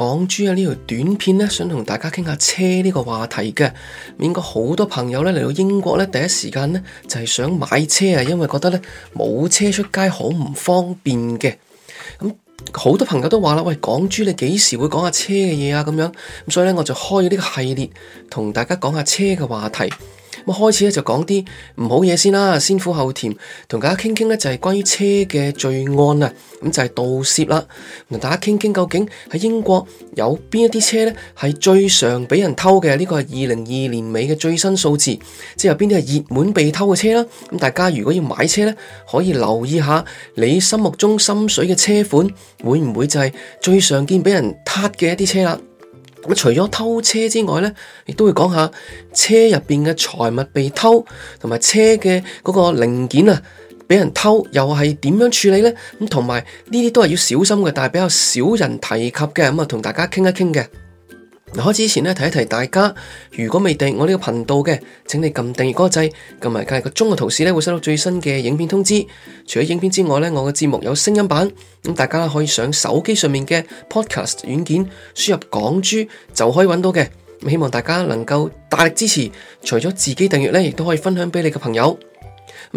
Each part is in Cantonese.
港珠啊，呢條短片咧，想同大家傾下車呢個話題嘅。應該好多朋友咧嚟到英國咧，第一時間咧就係想買車啊，因為覺得咧冇車出街好唔方便嘅。咁好多朋友都話啦，喂，港珠你幾時會講下車嘅嘢啊？咁樣，咁所以咧，我就開咗呢個系列，同大家講下車嘅話題。咁開始就講啲唔好嘢先啦，先苦後甜，同大家傾傾咧就係關於車嘅罪案啊，咁就係、是、盜竊啦，同大家傾傾究竟喺英國有邊一啲車咧係最常俾人偷嘅。呢個係二零二二年尾嘅最新數字，即係邊啲係熱門被偷嘅車啦。咁大家如果要買車咧，可以留意下你心目中心水嘅車款會唔會就係最常見俾人撻嘅一啲車啦。除咗偷車之外呢亦都會講下車入邊嘅財物被偷，同埋車嘅嗰個零件啊，俾人偷又係點樣處理呢？同埋呢啲都係要小心嘅，但係比較少人提及嘅。咁啊，同大家傾一傾嘅。嗱，開始之前咧，提一提大家，如果未訂我呢個頻道嘅，請你撳訂閱嗰個掣，撳埋隔離個鐘嘅圖示咧，會收到最新嘅影片通知。除咗影片之外呢，我嘅節目有聲音版，大家可以上手機上面嘅 Podcast 軟件輸入港珠就可以揾到嘅。希望大家能夠大力支持，除咗自己訂閱呢，亦都可以分享俾你嘅朋友。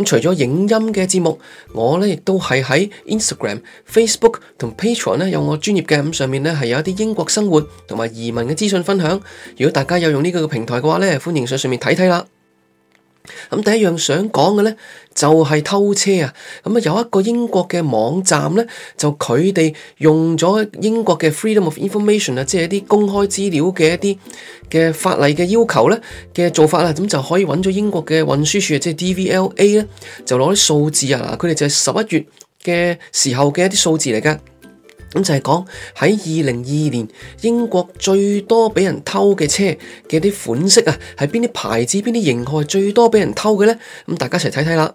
除咗影音嘅節目，我咧亦都係喺 Instagram、Facebook 同 Patreon 有我專業嘅，上面咧有一啲英國生活同埋移民嘅資訊分享。如果大家有用呢個平台嘅話咧，歡迎上上面睇睇啦。第一樣想講嘅呢，就係偷車啊！咁啊有一個英國嘅網站呢，就佢哋用咗英國嘅 Freedom of Information 即係一啲公開資料嘅一啲嘅法例嘅要求呢嘅做法啦，咁就可以揾咗英國嘅運輸署，即係 DVLA 呢，就攞啲數字啊，佢哋就係十一月嘅時候嘅一啲數字嚟㗎。咁就係講喺二零二二年英國最多俾人偷嘅車嘅啲款式啊，係邊啲牌子、邊啲型號係最多俾人偷嘅咧？咁大家一齊睇睇啦。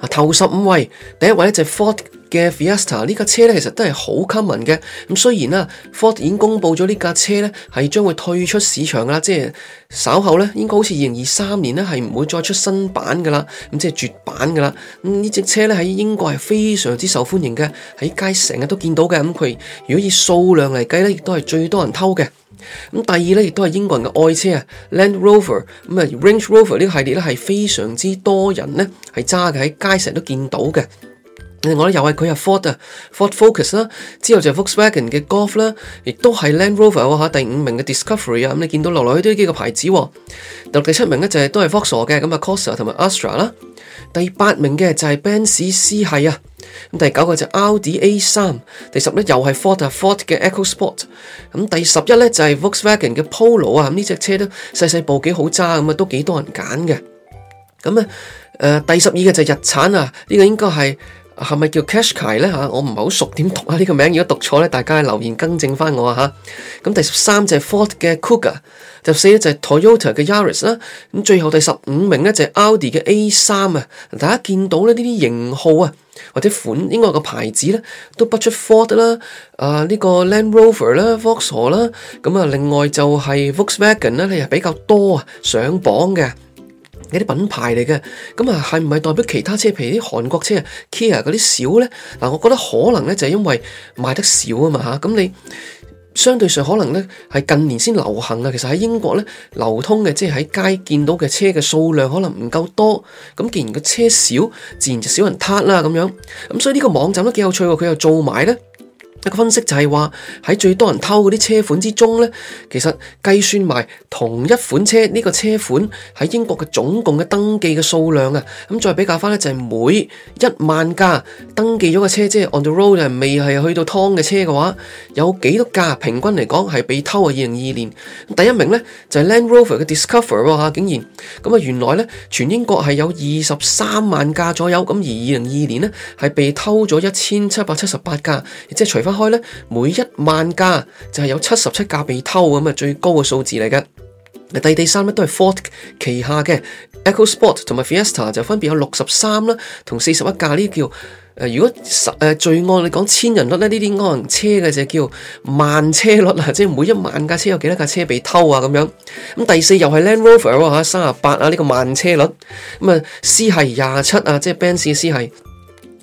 啊，頭十五位，第一位咧就係 Ford，嘅 Fiesta 呢架車咧，其實都係好 common 嘅。咁雖然啦，Ford 已經公布咗呢架車咧，係將會退出市場噶啦，即係稍後咧，應該好似二零二三年咧，係唔會再出新版噶啦，咁即係絕版噶啦。咁呢隻車咧喺英國係非常之受歡迎嘅，喺街成日都見到嘅。咁佢如果以數量嚟計咧，亦都係最多人偷嘅。咁第二咧，亦都係英國人嘅愛車啊，Land Rover 咁、嗯、啊 Range Rover 呢個系列咧，係非常之多人咧係揸嘅，喺街成日都見到嘅。我咧又係佢入 Ford 啊，Ford Focus 啦，之後就 Volkswagen 嘅 Golf 啦，亦都係 Land Rover 吓第五名嘅 Discovery 啊。咁你見到落落去都呢幾個牌子第六第七名咧就係、是、都係 Fox 傻嘅咁啊，Corsa 同埋 Astra 啦。Stra，第八名嘅就係 Benz C 系啊，咁第九個就 r d A 三，第十咧又係 Ford f o r d 嘅 Echo Sport 咁。第十一咧、e、就係 Volkswagen 嘅 Polo 啊，呢隻車小小都細細部幾好揸，咁啊都幾多人揀嘅。咁啊，誒，第十二嘅就係日產啊，呢、這個應該係。係咪叫 Qashqai 咧嚇？我唔係好熟，點讀啊？呢個名如果讀錯咧，大家留言更正翻我嚇。咁第十三隻 Ford 嘅 Kuga，第十四隻 Toyota 嘅 Yaris 啦。咁最後第十五名咧就係 Audi 嘅 A 三啊。大家見到咧呢啲型號啊或者款，應該個牌子咧都不出 Ford 啦、啊、啊、這、呢個 Land Rover 啦，Vauxhall 啦。咁啊，另外就係 Volkswagen 咧，係比較多啊上榜嘅。一啲品牌嚟嘅，咁啊係唔係代表其他車，譬如啲韓國車啊，Kia 嗰啲少咧？嗱，我覺得可能咧就係、是、因為賣得少嘛啊嘛吓，咁你相對上可能咧係近年先流行啦。其實喺英國咧流通嘅，即係喺街見到嘅車嘅數量可能唔夠多。咁既然個車少，自然就少人撻啦咁樣。咁、啊、所以呢個網站都幾有趣喎，佢又做埋咧。一個分析就係話喺最多人偷嗰啲車款之中咧，其實計算埋同一款車呢、呢個車款喺英國嘅總共嘅登記嘅數量啊，咁再比較翻呢，就係每一萬架登記咗嘅車，即係 on the road 未係去到湯嘅車嘅話，有幾多架平均嚟講係被偷啊？二零二二年第一名呢，就係、是、Land Rover 嘅 Discover 喎吓，竟然咁啊，原來呢，全英國係有二十三萬架左右，咁而二零二二年呢，係被偷咗一千七百七十八架，即係除翻。開咧，每一萬架就係有七十七架被偷咁啊，最高嘅數字嚟嘅。第第三咧都係 Ford 旗下嘅 EcoSport 同埋 Fiesta 就分別有六十三啦，同四十一架，呢啲叫誒、呃，如果十誒罪案嚟講千人率咧，呢啲安車嘅就叫萬車率啊，即係每一萬架車有幾多架車被偷啊咁樣。咁第四又係 Land Rover 吓三十八啊呢、啊這個萬車率。咁、嗯、啊，C 係廿七啊，即係 Benz C 係。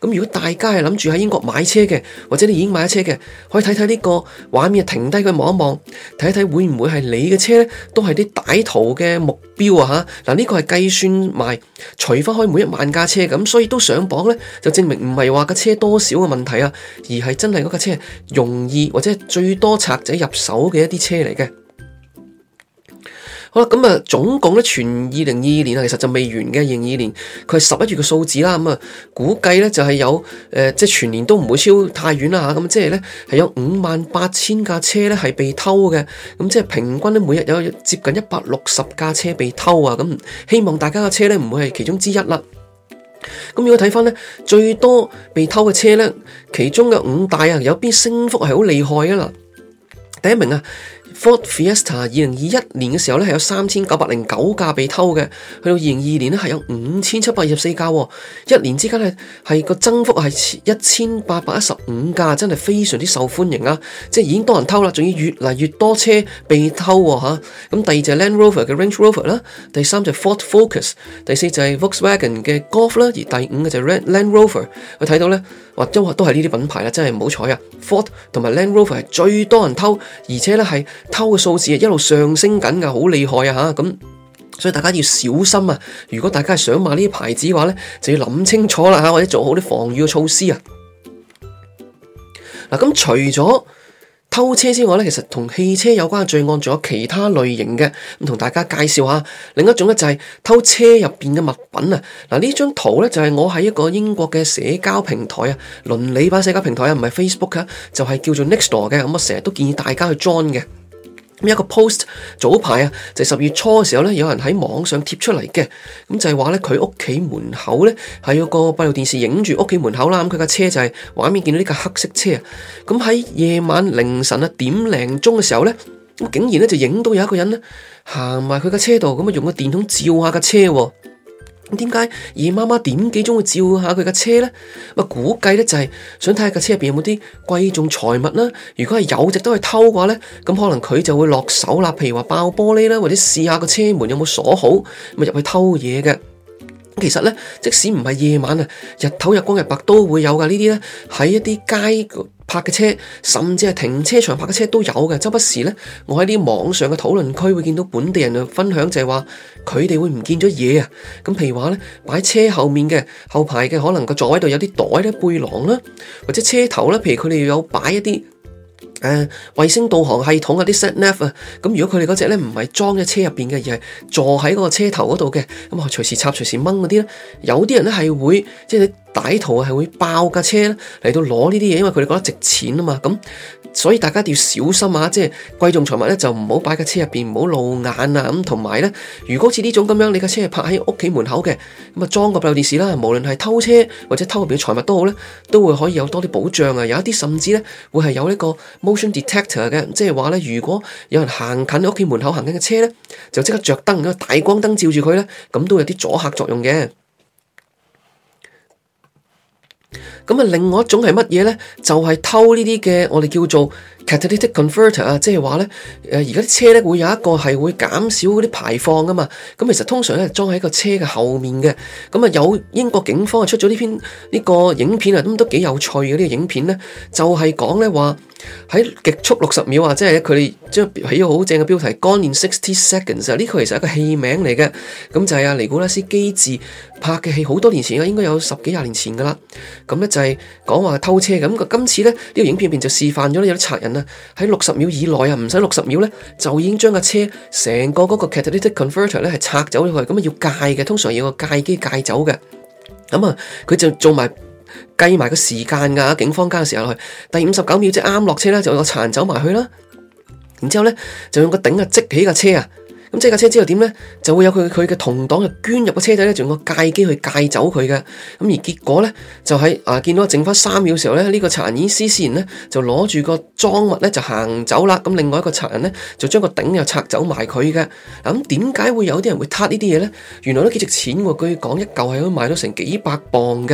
咁如果大家係諗住喺英國買車嘅，或者你已經買咗車嘅，可以睇睇呢個畫面，停低佢望一望，睇睇會唔會係你嘅車咧？都係啲歹徒嘅目標啊！吓嗱，呢個係計算埋除翻開每一萬架車咁，所以都上榜咧，就證明唔係話個車多少嘅問題啊，而係真係嗰架車容易或者最多賊仔入手嘅一啲車嚟嘅。好啦，咁啊，總共咧，全二零二二年啊，其實就未完嘅，二零二二年，佢係十一月嘅數字啦。咁啊，估計咧就係有誒、呃，即係全年都唔會超太遠啦吓。咁、啊、即係咧，係有五萬八千架車咧係被偷嘅，咁、啊、即係平均咧每日有接近一百六十架車被偷啊。咁希望大家嘅車咧唔會係其中之一啦。咁、啊、如果睇翻咧，最多被偷嘅車咧，其中嘅五大啊，有邊升幅係好厲害㗎啦，第一名啊。Ford Fiesta 二零二一年嘅時候咧，係有三千九百零九架被偷嘅，去到二零二二年咧係有五千七百二十四架，哦，一年之間咧係個增幅係一千八百一十五架，真係非常之受歡迎啊！即係已經多人偷啦，仲要越嚟越多車被偷吓、啊。咁第二隻 Land Rover 嘅 Range Rover 啦，第三隻 Ford Focus，第四就係 Volkswagen 嘅 Golf 啦，而第五嘅就係 Land Rover。我睇到咧，哇，都都係呢啲品牌啦，真係唔好彩啊！Ford 同埋 Land Rover 係最多人偷，而且咧係。偷嘅數字啊，一路上升緊噶，好厲害啊吓！咁所以大家要小心啊！如果大家係想買呢啲牌子嘅話咧，就要諗清楚啦吓、啊，或者做好啲防禦嘅措施啊！嗱，咁除咗偷車之外咧，其實同汽車有關嘅罪案仲有其他類型嘅，咁、啊、同大家介紹下。另一種咧就係偷車入邊嘅物品啊！嗱，呢張圖咧就係、是、我喺一個英國嘅社交平台啊，倫理版社交平台啊，唔係 Facebook 啊，就係、是、叫做 Nextdoor 嘅，咁、啊、我成日都建議大家去 join 嘅。咁一個 post 早排啊，就係十月初嘅時候咧，有人喺網上貼出嚟嘅，咁就係話咧佢屋企門口咧，喺有個閉路電視影住屋企門口啦。咁佢架車就係畫面見到呢架黑色車啊。咁喺夜晚凌晨啊點零鐘嘅時候咧，咁竟然咧就影到有一個人咧行埋佢架車度，咁啊用個電筒照下架車喎。點解夜媽媽點幾鐘會照顧下佢架車呢？啊估計呢就係想睇下架車入邊有冇啲貴重財物啦。如果係有，值得去偷嘅話呢，咁可能佢就會落手啦。譬如話爆玻璃啦，或者試下個車門有冇鎖好，咁入去偷嘢嘅。其實咧，即使唔係夜晚啊，日頭日光日白都會有噶。呢啲呢，喺一啲街拍嘅車，甚至係停車場拍嘅車都有嘅。周不時呢，我喺啲網上嘅討論區會見到本地人啊分享就，就係話佢哋會唔見咗嘢啊。咁譬如話呢，擺車後面嘅後排嘅可能個座位度有啲袋咧、背囊啦，或者車頭呢，譬如佢哋有擺一啲。誒，衛、啊、星導航系統 av, 啊，啲 sat nav 啊，咁如果佢哋嗰隻咧唔係裝喺車入邊嘅，而係坐喺嗰個車頭嗰度嘅，咁啊隨時插隨時掹嗰啲咧，有啲人咧係會即係歹徒係會爆架車嚟到攞呢啲嘢，因為佢哋覺得值錢啊嘛，咁、啊啊、所以大家一定要小心啊，即係貴重財物咧就唔好擺架車入邊，唔好露眼啊，咁同埋咧，如果似呢種咁樣，你架車係泊喺屋企門口嘅，咁啊裝個閉路電視啦，無論係偷車或者偷入邊嘅財物都好咧，都會可以有多啲保障啊，有一啲甚至咧會係有呢、這個。motion detector 嘅，即係話咧，如果有人行近你屋企門口行緊嘅車咧，就即刻着燈，個大光燈照住佢咧，咁都有啲阻嚇作用嘅。咁啊，另外一種係乜嘢咧？就係、是、偷呢啲嘅，我哋叫做。catalytic converter 啊，Con ter, 即係話咧，誒而家啲車咧會有一個係會減少嗰啲排放噶嘛，咁其實通常咧裝喺個車嘅後面嘅，咁啊有英國警方啊出咗呢篇呢、呢個影片啊，咁都幾有趣嘅呢、呢個影片咧，就係講咧話喺極速六十秒啊，即係佢哋，將起咗好正嘅標題《Gone in Sixty Seconds》，呢個其實係一個戲名嚟嘅，咁就係阿尼古拉斯基治。拍嘅戲好多年前啦，應該有十幾廿年前噶啦。咁咧就係講話偷車咁。今次咧呢，呢個影片入邊就示範咗咧有賊人啊喺六十秒以內啊，唔使六十秒咧就已經將個車成個嗰個 catalytic converter 咧係拆走咗佢。咁啊要鋸嘅，通常要個鋸機鋸走嘅。咁啊佢就做埋計埋個時間噶，警方加個時間落去。第五十九秒即啱落車啦，就係啱啱就有個賊走埋去啦。然之後咧就用個頂啊，積起架車啊！咁即架車之後點呢？就會有佢佢嘅同黨就捐入個車底咧，用個界機去界走佢嘅。咁而結果呢，就喺、是、啊見到剩翻三秒嘅時候、這個、呢，個呢個賊人施施然咧就攞住個贓物咧就行走啦。咁另外一個賊人呢，就將個頂又拆走埋佢嘅。咁點解會有啲人會撻呢啲嘢呢？原來都幾值錢喎，據佢講一嚿係可以賣到成幾百磅嘅。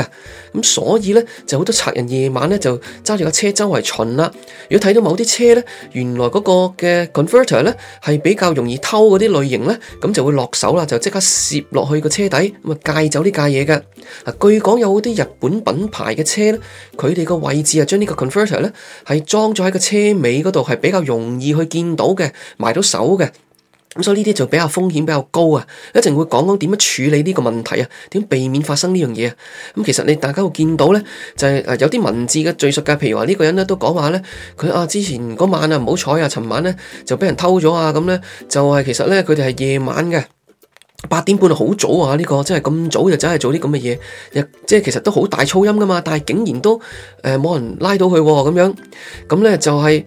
咁、啊、所以呢，就好多賊人夜晚呢，就揸住架車周圍巡啦。如果睇到某啲車呢，原來嗰個嘅 converter 呢，係比較容易偷啲。啲類型呢，咁就會落手啦，就即刻攝落去個車底，咁啊戒走啲介嘢嘅。啊，據講有啲日本品牌嘅車呢，佢哋個位置啊，將呢個 converter 呢，係裝咗喺個車尾嗰度，係比較容易去見到嘅，埋到手嘅。咁所以呢啲就比較風險比較高啊！一陣會講講點樣處理呢個問題啊？點避免發生呢樣嘢啊？咁其實你大家會見到咧，就係、是、誒有啲文字嘅敍述嘅，譬如話呢個人咧都講話咧，佢啊之前嗰晚啊唔好彩啊，尋晚咧就俾人偷咗啊咁咧，就係其實咧佢哋係夜晚嘅八點半啊，好早啊呢個，即係咁早就真係做啲咁嘅嘢，即係其實都好大噪音噶嘛，但係竟然都誒冇、呃、人拉到佢咁、啊、樣，咁咧就係、是。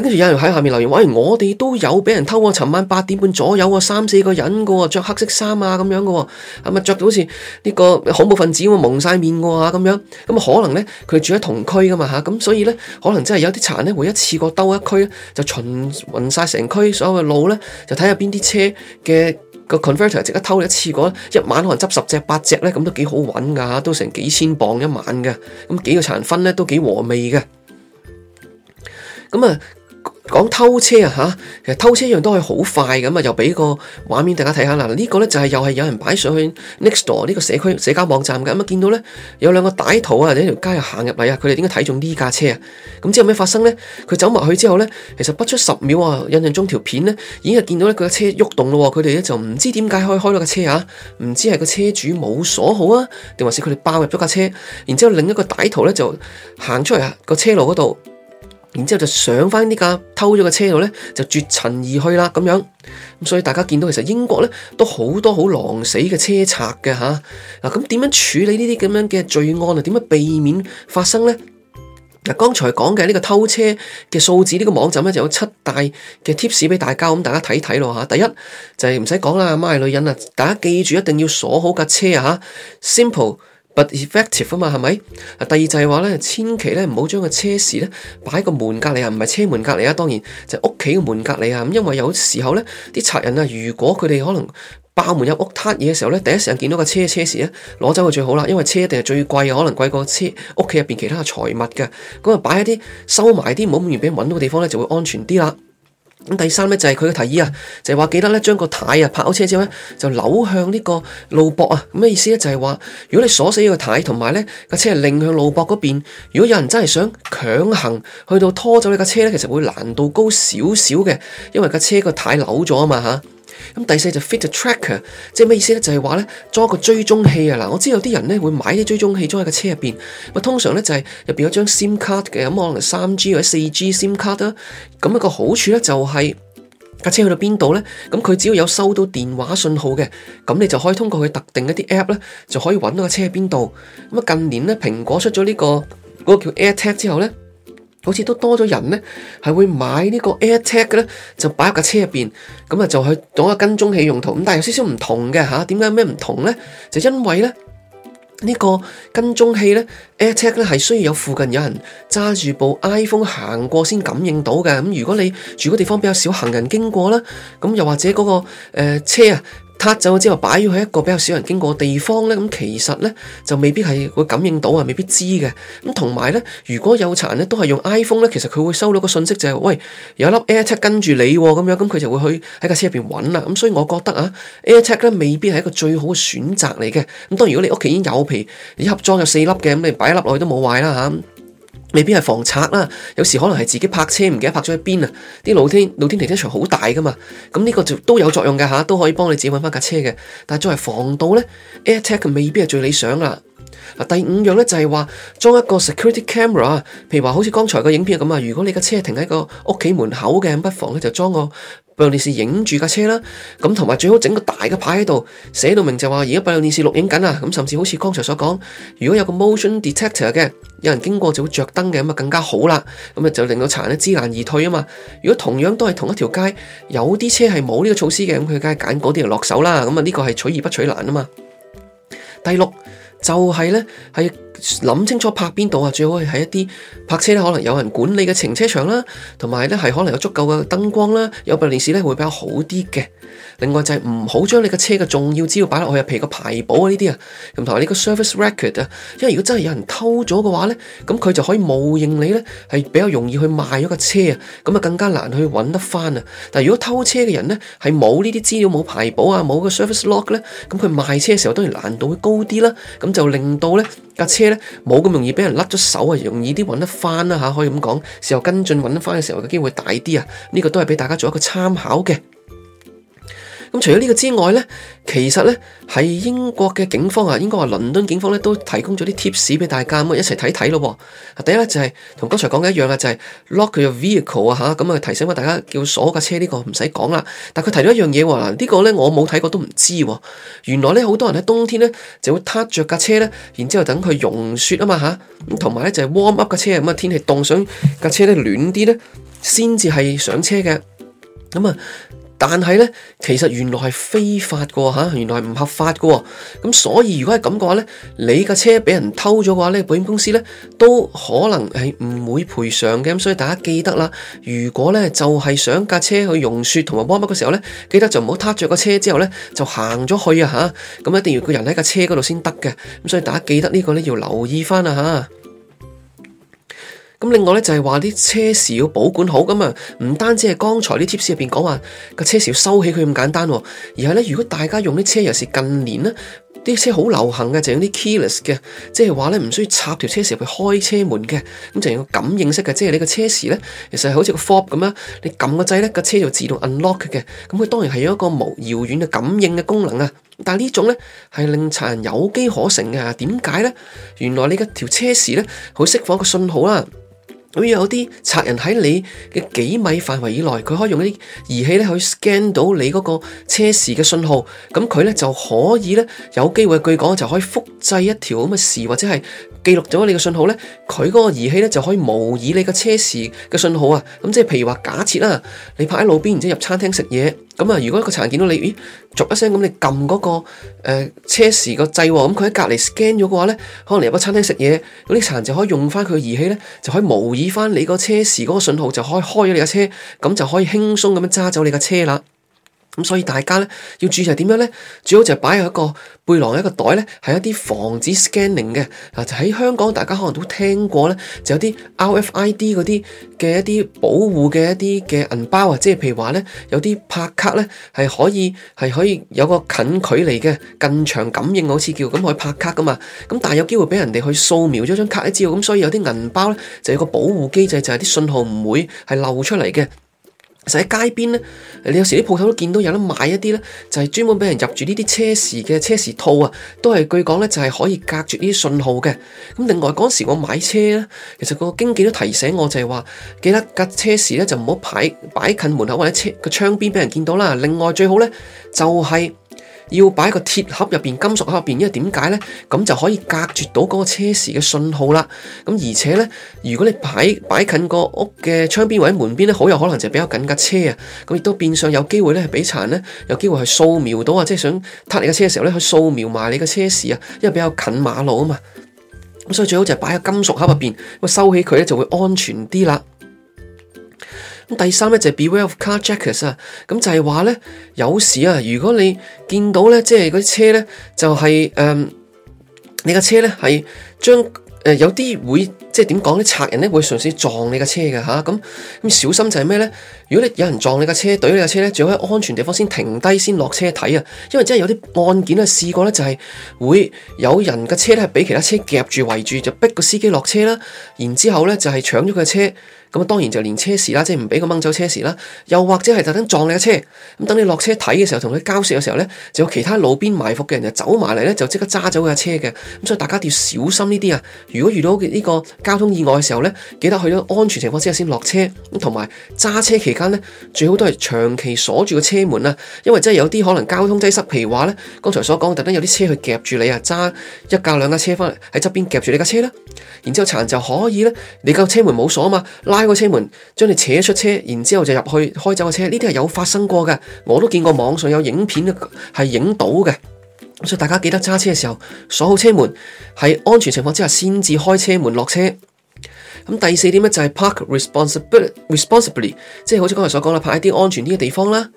跟住有人喺下面留言，喂，我哋都有俾人偷啊！尋晚八點半左右三四個人嘅喎，著黑色衫啊，咁樣嘅喎，咁啊着到好似呢個恐怖分子咁啊，蒙晒面嘅啊，咁樣，咁可能咧佢住喺同區嘅嘛嚇，咁所以咧可能真係有啲賊咧會一次過兜一區，就巡勻晒成區所有嘅路咧，就睇下邊啲車嘅個 converter 係值得偷一次過，一晚可能執十隻八隻咧，咁都幾好揾噶，都成幾千磅一晚嘅，咁幾個賊分咧都幾和味嘅，咁啊。講偷車啊吓，其實偷車一樣都係好快㗎嘛，又俾個畫面大家睇下嗱，啊這個、呢個咧就係、是、又係有人擺上去 Nextdoor 呢個社區社交網站㗎，咁啊見到咧有兩個歹徒啊喺條街入行入嚟啊，佢哋點解睇中呢架車啊？咁之後咩發生咧？佢走埋去之後咧，其實不出十秒啊，印象中條片咧已經係見到咧個車喐動咯，佢哋咧就唔知點解可以開到架車啊？唔知係個車主冇鎖好啊，定還是佢哋爆入咗架車？然之後另一個歹徒咧就行出嚟個車路嗰度。然之後就上翻呢架偷咗嘅車度呢，就絕塵而去啦咁樣。咁所以大家見到其實英國呢，都好多好狼死嘅車賊嘅吓。嗱，咁點樣處理呢啲咁樣嘅罪案啊？點樣避免發生呢？嗱、啊，剛才講嘅呢個偷車嘅數字呢個網站呢就有七大嘅 tips 俾大家，咁大家睇睇咯吓。第一就係唔使講啦，阿媽係女人啊，大家記住一定要鎖好架車吓、啊、simple But effective 啊嘛，係咪？第二就係話咧，千祈咧唔好將個車匙咧擺喺個門隔籬啊，唔係車門隔籬啊，當然就屋企個門隔籬啊。咁因為有時候咧，啲賊人啊，如果佢哋可能爆門入屋撻嘢嘅時候咧，第一時間見到個車車匙咧，攞走佢最好啦，因為車一定係最貴，可能貴過車屋企入邊其他嘅財物嘅。咁啊，擺一啲收埋啲，冇咁容易俾人搵到嘅地方咧，就會安全啲啦。第三呢，就係佢嘅提議啊，就係話記得咧將個軚啊泊好車之後呢，就扭向呢個路樁啊。咁嘅意思呢？就係話，如果你鎖死呢個軚，同埋咧架車係擰向路壆嗰邊，如果有人真係想強行去到拖走你架車呢，其實會難度高少少嘅，因為架車個軚扭咗啊嘛嚇。第四就是 fit a tracker，即係咩意思呢？就係話呢，裝一個追蹤器啊！嗱，我知有啲人呢會買啲追蹤器裝喺個車入邊，通常呢，就係入邊有張 sim card 嘅，咁可能三 G 或者四 G sim card 啦。咁、那、一個好處呢，就係、是、架車去到邊度呢，咁佢只要有收到電話信號嘅，咁你就可以通過佢特定一啲 app 呢，就可以揾到架車喺邊度。咁啊，近年呢，蘋果出咗呢、這個嗰、那個叫 AirTag 之後呢。好似都多咗人咧，係會買個 Air 呢個 AirTag 嘅咧，就擺喺架車入邊，咁啊就去當一個跟蹤器用途。咁但係有少少唔同嘅吓，點解咩唔同咧？就因為咧呢、呢個跟蹤器咧 AirTag 咧係需要有附近有人揸住部 iPhone 行過先感應到嘅。咁如果你住個地方比較少行人經過啦，咁又或者嗰、嗰個誒、呃、車啊。擦走之後擺咗喺一個比較少人經過嘅地方呢，咁其實呢，就未必係會感應到啊，未必知嘅。咁同埋呢，如果有殘呢，都係用 iPhone 呢，其實佢會收到個信息就係，喂，有一粒 AirTag 跟住你咁樣，咁佢就會去喺架車入邊揾啦。咁所以我覺得啊，AirTag 呢未必係一個最好嘅選擇嚟嘅。咁當然如果你屋企已經有皮一盒裝有四粒嘅，咁你擺一粒落去都冇壞啦吓。未必係防賊啦，有時可能係自己泊車唔記得泊咗喺邊啊！啲露天露天停車場好大噶嘛，咁呢個就都有作用嘅吓，都可以幫你自己揾翻架車嘅。但係作為防盜呢 AirTag 未必係最理想啦。啊，第五樣呢就係話裝一個 security camera，譬如話好似剛才個影片咁啊，如果你嘅車停喺個屋企門口嘅，不妨呢就裝個。電視影住架車啦，咁同埋最好整個大嘅牌喺度寫到明就話而家閉路電視錄影緊啊，咁甚至好似剛才所講，如果有個 motion detector 嘅，有人經過就會着燈嘅，咁啊更加好啦，咁啊就令到賊咧知難而退啊嘛。如果同樣都係同一條街，有啲車係冇呢個措施嘅，咁佢梗係揀嗰啲嚟落手啦，咁啊呢個係取易不取難啊嘛。第六就係咧係。諗清楚泊邊度啊，最好係喺一啲泊車咧，可能有人管理嘅停車場啦，同埋咧係可能有足夠嘅燈光啦，有閉路電視咧會比較好啲嘅。另外就係唔好將你嘅車嘅重要資料擺落去，譬如個牌簿啊呢啲啊，咁同埋呢個 service record 啊，因為如果真係有人偷咗嘅話咧，咁佢就可以冒認你咧，係比較容易去賣咗個車啊，咁啊更加難去揾得返啊。但係如果偷車嘅人咧係冇呢啲資料，冇牌簿啊，冇個 service log 咧，咁佢賣車嘅時候當然難度會高啲啦，咁就令到咧。架車咧冇咁容易俾人甩咗手，容易啲揾得翻啦，可以咁講，時候跟進揾得翻嘅時候嘅機會，會大啲啊，呢、這個都係俾大家做一個參考嘅。咁、嗯、除咗呢個之外呢，其實呢係英國嘅警方啊，應該話倫敦警方呢都提供咗啲 tips 俾大家咁啊、嗯，一齊睇睇咯。第一呢就係同剛才講嘅一樣啦，就係、是、lock 佢個 vehicle 啊吓，咁、嗯、啊提醒翻大家叫鎖架車呢、這個唔使講啦。但佢提咗一樣嘢嗱，呢、啊這個呢我冇睇過都唔知、啊。原來呢，好多人喺冬天呢就會撻着架車、啊嗯、呢，然之後等佢融雪啊嘛吓。咁同埋呢就係、是、warm up 架車咁啊、嗯、天氣凍，想架車呢，暖啲呢先至係上車嘅。咁啊。啊但係咧，其實原來係非法嘅，吓，原來係唔合法嘅。咁所以如果係咁嘅話咧，你架車俾人偷咗嘅話咧，保險公司咧都可能係唔會賠償嘅。咁所以大家記得啦，如果咧就係想架車去融雪同埋摩乜嘅時候咧，記得就唔好撻着個車之後咧就行咗去啊吓。咁一定要個人喺架車嗰度先得嘅。咁所以大家記得呢個咧要留意翻啊吓。咁另外呢，就係話啲車匙要保管好咁啊，唔單止係剛才啲 tips 入邊講話個車匙要收起佢咁簡單，啊，而係呢，如果大家用啲車又是近年呢啲車好流行嘅，就用啲 keyless 嘅，即係話呢唔需要插條車匙入去開車門嘅，咁就用個感應式嘅，即係你個車匙呢，其實係好似個 fob 咁啦，你撳個掣呢，個車就自動 unlock 嘅，咁佢當然係有一個無遙遠嘅感應嘅功能啊，但係呢種呢，係令賊人有機可乘嘅，點解呢？原來你個條車匙呢，佢釋放一個信號啦。會有啲賊人喺你嘅幾米範圍以內，佢可以用啲儀器咧去 scan 到你嗰個車匙嘅信號，咁佢咧就可以咧有機會，據講就可以複製一條咁嘅匙，或者係記錄咗你嘅信號咧，佢嗰個儀器咧就可以模擬你嘅車匙嘅信號啊！咁即係譬如話，假設啦，你泊喺路邊，然之後入餐廳食嘢。咁啊！如果一個賊人見到你，咦，逐一聲咁，那個，你撳嗰個誒車匙個掣，咁佢喺隔籬 scan 咗嘅話咧，可能你入個餐廳食嘢，嗰啲賊人就可以用翻佢儀器咧，就可以模擬翻你個車匙嗰個信號，就可以開咗你架車，咁就可以輕鬆咁樣揸走你架車啦。咁所以大家呢，要注意係點樣呢？最好就係擺入一個背囊一個袋呢，係一啲防止 scanning 嘅。啊，喺香港大家可能都聽過呢，就有啲 RFID 嗰啲嘅一啲保護嘅一啲嘅銀包啊，即係譬如話呢，有啲拍卡呢，係可以係可以有個近距離嘅近場感應，好似叫咁可以拍卡㗎嘛。咁但係有機會俾人哋去掃描咗張卡一招，咁所以有啲銀包呢，就有個保護機制，就係啲信號唔會係漏出嚟嘅。就喺街邊呢，你有時啲鋪頭都見到有得賣一啲呢，就係、是、專門俾人入住呢啲車匙嘅車匙套啊，都係據講呢，就係可以隔住呢啲信號嘅。咁另外嗰陣時我買車呢，其實個經紀都提醒我就係話，記得隔車匙呢，就唔好擺擺近門口或者車個窗邊俾人見到啦。另外最好呢，就係、是。要擺個鐵盒入邊，金屬盒入邊，因為點解呢？咁就可以隔絕到嗰個車匙嘅信號啦。咁而且呢，如果你擺擺近個屋嘅窗邊或者門邊呢，好有可能就比較近架車啊。咁亦都變相有機會呢，俾殘呢有機會係掃描到啊，即係想撻你架車嘅時候呢，去掃描埋你嘅車匙啊，因為比較近馬路啊嘛。咁所以最好就係擺喺金屬盒入邊，咁收起佢呢就會安全啲啦。第三咧就 Beware of carjackers 啊！咁就係話咧，有時啊，如果你見到咧，即係嗰啲車咧，就係、是、誒、呃，你個車咧係將誒、呃、有啲會即係點講咧，賊人咧會嘗試撞你個車嘅吓，咁、啊、咁小心就係咩咧？如果你有人撞你個車隊你個車咧，最好喺安全地方先停低先落車睇啊！因為真係有啲案件咧，試過咧就係、是、會有人嘅車咧係俾其他車夾住圍住，就逼個司機落車啦，然之後咧就係、是、搶咗佢個車。咁啊，當然就連車匙啦，即係唔俾佢掹走車匙啦，又或者係特登撞你架車，咁等你落車睇嘅時候，同佢交涉嘅時候呢，就有其他路邊埋伏嘅人就走埋嚟呢，就即刻揸走佢架車嘅。咁所以大家要小心呢啲啊！如果遇到呢個交通意外嘅時候呢，記得去到安全情況之下先落車，咁同埋揸車期間呢，最好都係長期鎖住個車門啊，因為真係有啲可能交通擠塞，譬如話呢，剛才所講特登有啲車去夾住你啊，揸一架兩架車翻嚟喺側邊夾住你架車啦，然之後殘就可以呢，你架車門冇鎖啊嘛，拉。開個車門，將你扯出車，然之後就入去開走個車，呢啲係有發生過嘅，我都見過網上有影片係影到嘅，所以大家記得揸車嘅時候鎖好車門，喺安全情況之下先至開車門落車。咁第四點咧就係 park responsibly，即係好似剛才所講啦，泊喺啲安全啲嘅地方啦。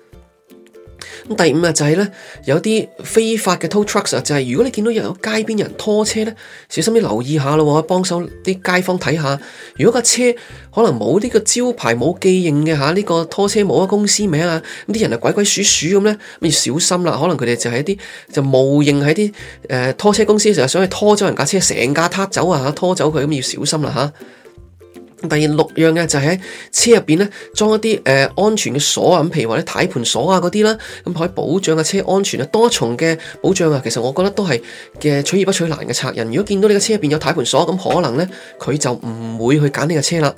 咁第五啊，就係咧有啲非法嘅拖、tow、trucks 啊，就係如果你見到街邊有街邊人拖車咧，小心啲留意下咯，幫手啲街坊睇下。如果架車可能冇呢個招牌冇記認嘅吓，呢、這個拖車冇啊公司名啊，咁啲人啊鬼鬼祟祟咁咧，咁要小心啦。可能佢哋就係一啲就冒認喺啲誒拖車公司，嘅時候，想去拖走人架車，成架撻走啊，拖走佢咁要小心啦吓。第六樣就係喺車入面咧裝一啲、呃、安全嘅鎖，譬如話咧軚盤鎖啊嗰啲啦，咁可以保障嘅車安全，多重嘅保障啊。其實我覺得都係取易不取難嘅賊人，如果見到你嘅車入面有軚盤鎖，咁可能咧佢就唔會去揀呢架車啦。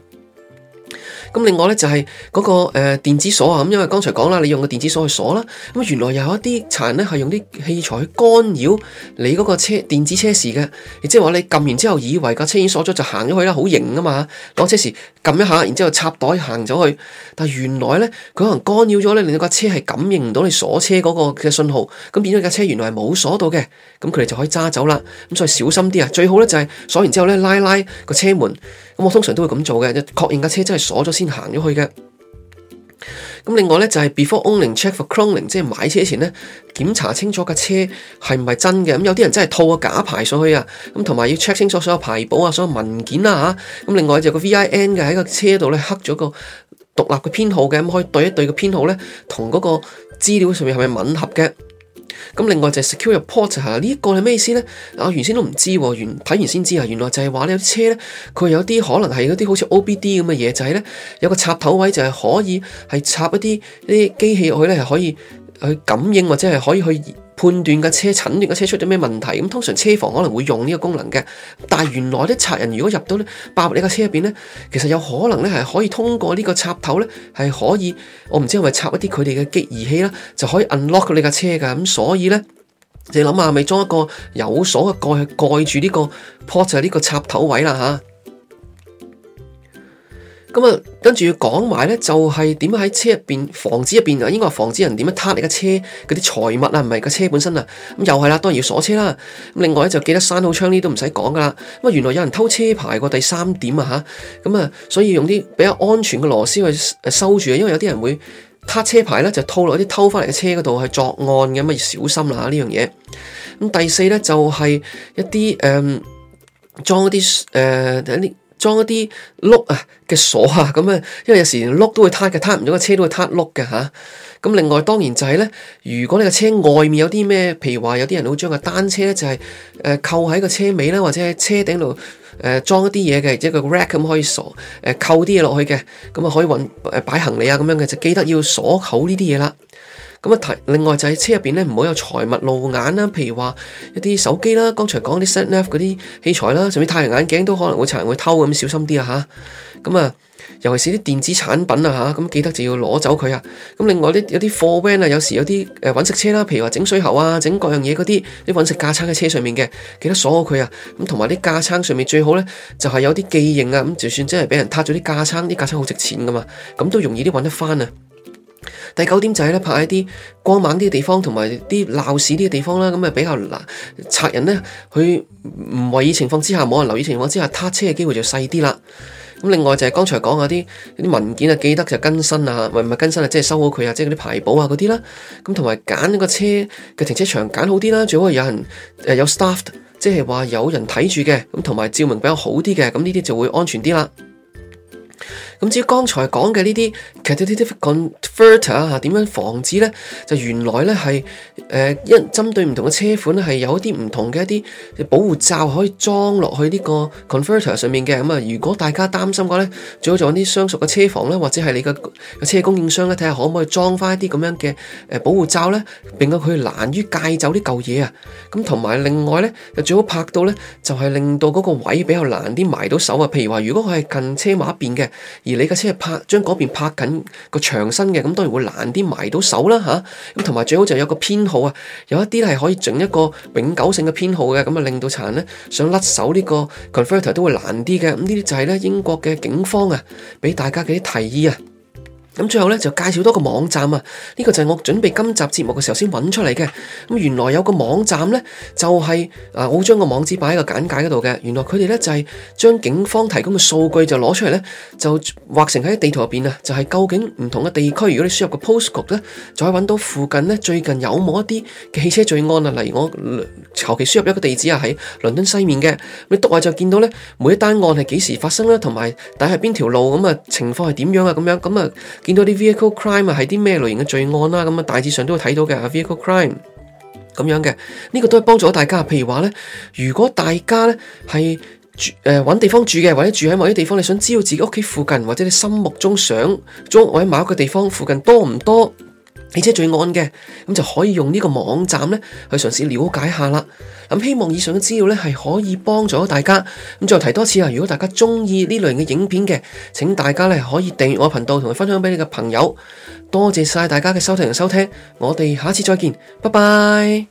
咁另外呢就係、是、嗰、那個誒、呃、電子鎖啊，咁因為剛才講啦，你用個電子鎖去鎖啦，咁原來有一啲殘呢係用啲器材去干擾你嗰個車電子車匙嘅，亦即係話你撳完之後以為個車已經鎖咗，就行咗去啦，好型㗎嘛，攞車匙。撳一下，然之後插袋行咗去，但原來呢，佢可能干擾咗你，令到架車係感應唔到你鎖車嗰個嘅信號，咁變咗架車原來係冇鎖到嘅，咁佢哋就可以揸走啦。咁所以小心啲啊，最好咧就係鎖完之後咧拉拉個車門，咁我通常都會咁做嘅，確認架車真係鎖咗先行咗去嘅。另外就係 before owning check for cloning，即係買車前咧檢查清楚架車係唔係真嘅，咁有啲人真係套個假牌上去啊，咁同埋要 check 清楚所有牌簿啊，所有文件啦吓，咁另外就個 VIN 嘅喺個車度咧刻咗個獨立嘅編號嘅，咁可以對一對編個編號呢，同嗰個資料上面係咪吻合嘅。咁另外就係 secure port 吓，呢一個係咩意思呢？我原先都唔知道，原睇完先知啊，原來就係話咧，車呢，佢有啲可能係嗰啲好似 O B D 咁嘅嘢，就係、是、呢有個插頭位就係可以係插一啲啲機器入去咧，係可以去感應或者係可以去。判斷架車診斷架車出咗咩問題？咁通常車房可能會用呢個功能嘅，但係原來啲賊人如果入到呢，爆入你架車入邊呢，其實有可能咧，係可以通過呢個插頭呢，係可以我唔知係咪插一啲佢哋嘅激儀器啦，就可以 unlock 你架車噶咁所以呢，你諗下，係咪裝一個有鎖嘅蓋去蓋住呢個 port 就係呢個插頭位啦吓。啊咁啊，跟住講埋呢，就係點樣喺車入邊、房子入邊啊，應該話防止人點樣撻你嘅車嗰啲財物啊，唔係個車本身啊，咁又係啦，當然要鎖車啦。咁另外咧就記得閂好窗呢，都唔使講噶啦。咁啊，原來有人偷車牌個、啊、第三點啊吓，咁啊，所以用啲比較安全嘅螺絲去收住，啊，因為有啲人會撻車牌咧，就套落啲偷翻嚟嘅車嗰度去作案嘅，咁啊要小心啦呢樣嘢。咁第四呢，就係、是、一啲誒、呃、裝一啲誒、呃、一啲。裝一啲碌啊嘅鎖啊，咁啊，因為有時連碌都會撻嘅，撻唔到個車都會撻碌嘅吓。咁、啊、另外當然就係、是、咧，如果你個車外面有啲咩，譬如話有啲人會將個單車咧就係誒扣喺個車尾啦，或者喺車頂度誒裝一啲嘢嘅，即係個 rack 咁可以鎖誒、呃、扣啲嘢落去嘅，咁啊可以搵誒擺行李啊咁樣嘅，就記得要鎖好呢啲嘢啦。另外就係車入邊唔好有財物露眼啦。譬如話一啲手機啦，剛才講啲 sat nav 嗰啲器材啦，甚至太陽眼鏡都可能會殘會偷咁，小心啲啊吓。咁啊、嗯，尤其是啲電子產品啊吓，咁記得就要攞走佢啊。咁、嗯、另外啲有啲貨 van 啊，有時有啲誒揾食車啦，譬如話整水喉啊，整各樣嘢嗰啲，啲揾食架撐喺車上面嘅，記得鎖好佢啊。咁同埋啲架撐上面最好咧，就係、是、有啲記認啊。咁、嗯、就算真係俾人撻咗啲架撐，啲架撐好值錢噶嘛，咁都容易啲揾得翻啊。第九點就係咧，拍一啲光猛啲嘅地方，同埋啲鬧市啲嘅地方啦，咁啊比較難賊人呢，佢唔為意情況之下，冇人留意情況之下，撻車嘅機會就細啲啦。咁另外就係剛才講啊啲文件啊，記得就更新啊，唔係更新啊，即係收好佢啊，即係嗰啲牌簿啊嗰啲啦。咁同埋揀個車嘅停車場揀好啲啦，最好係有人有 staff，即係話有人睇住嘅，咁同埋照明比較好啲嘅，咁呢啲就會安全啲啦。咁至於剛才講嘅呢啲，其實呢啲 converter 啊，點樣防止咧？就原來咧係誒一針對唔同嘅車款，係有一啲唔同嘅一啲保護罩可以裝落去呢個 converter 上面嘅。咁、嗯、啊，如果大家擔心嘅咧，最好就揾啲相熟嘅車房咧，或者係你嘅嘅車嘅供應商咧，睇下可唔可以裝翻一啲咁樣嘅誒保護罩咧，令到佢難於戒走呢嚿嘢啊。咁同埋另外咧，就最好拍到咧，就係、是、令到嗰個位比較難啲埋到手啊。譬如話，如果佢係近車馬邊嘅。而你架車係拍，將嗰邊拍緊個牆身嘅，咁當然會難啲埋到手啦，吓，咁同埋最好就有個編號啊，有一啲係可以整一個永久性嘅編號嘅，咁啊令到賊咧想甩手呢個 converter 都會難啲嘅，咁、嗯、呢啲就係咧英國嘅警方啊，俾大家嘅啲提議啊。咁最後咧就介紹多個網站啊！呢、這個就係我準備今集節目嘅時候先揾出嚟嘅。咁原來有個網站呢，就係、是、啊，我將個網址擺喺個簡介嗰度嘅。原來佢哋呢，就係、是、將警方提供嘅數據就攞出嚟呢，就畫成喺地圖入邊啊！就係、是、究竟唔同嘅地區，如果你輸入個 post code 呢，就可以揾到附近呢最近有冇一啲汽車罪案啊？例如我求其輸入一個地址啊，喺倫敦西面嘅，你篤下就見到呢，每一單案係幾時發生啦，同埋底係邊條路咁啊？情況係點樣啊？咁樣咁啊～見到啲 vehicle crime 啊，係啲咩類型嘅罪案啦？咁啊，大致上都會睇到嘅 vehicle crime 咁樣嘅，呢個都係幫助大家。譬如話咧，如果大家咧係住誒搵、呃、地方住嘅，或者住喺某啲地方，你想知道自己屋企附近，或者你心目中想住喺某一個地方附近多唔多？汽車罪案嘅，咁就可以用呢個網站咧去嘗試了解下啦。咁希望以上嘅資料咧係可以幫助到大家。咁再提多次啊，如果大家中意呢類型嘅影片嘅，請大家咧可以訂閱我頻道同埋分享俾你嘅朋友。多謝晒大家嘅收聽同收聽，我哋下次再見，拜拜。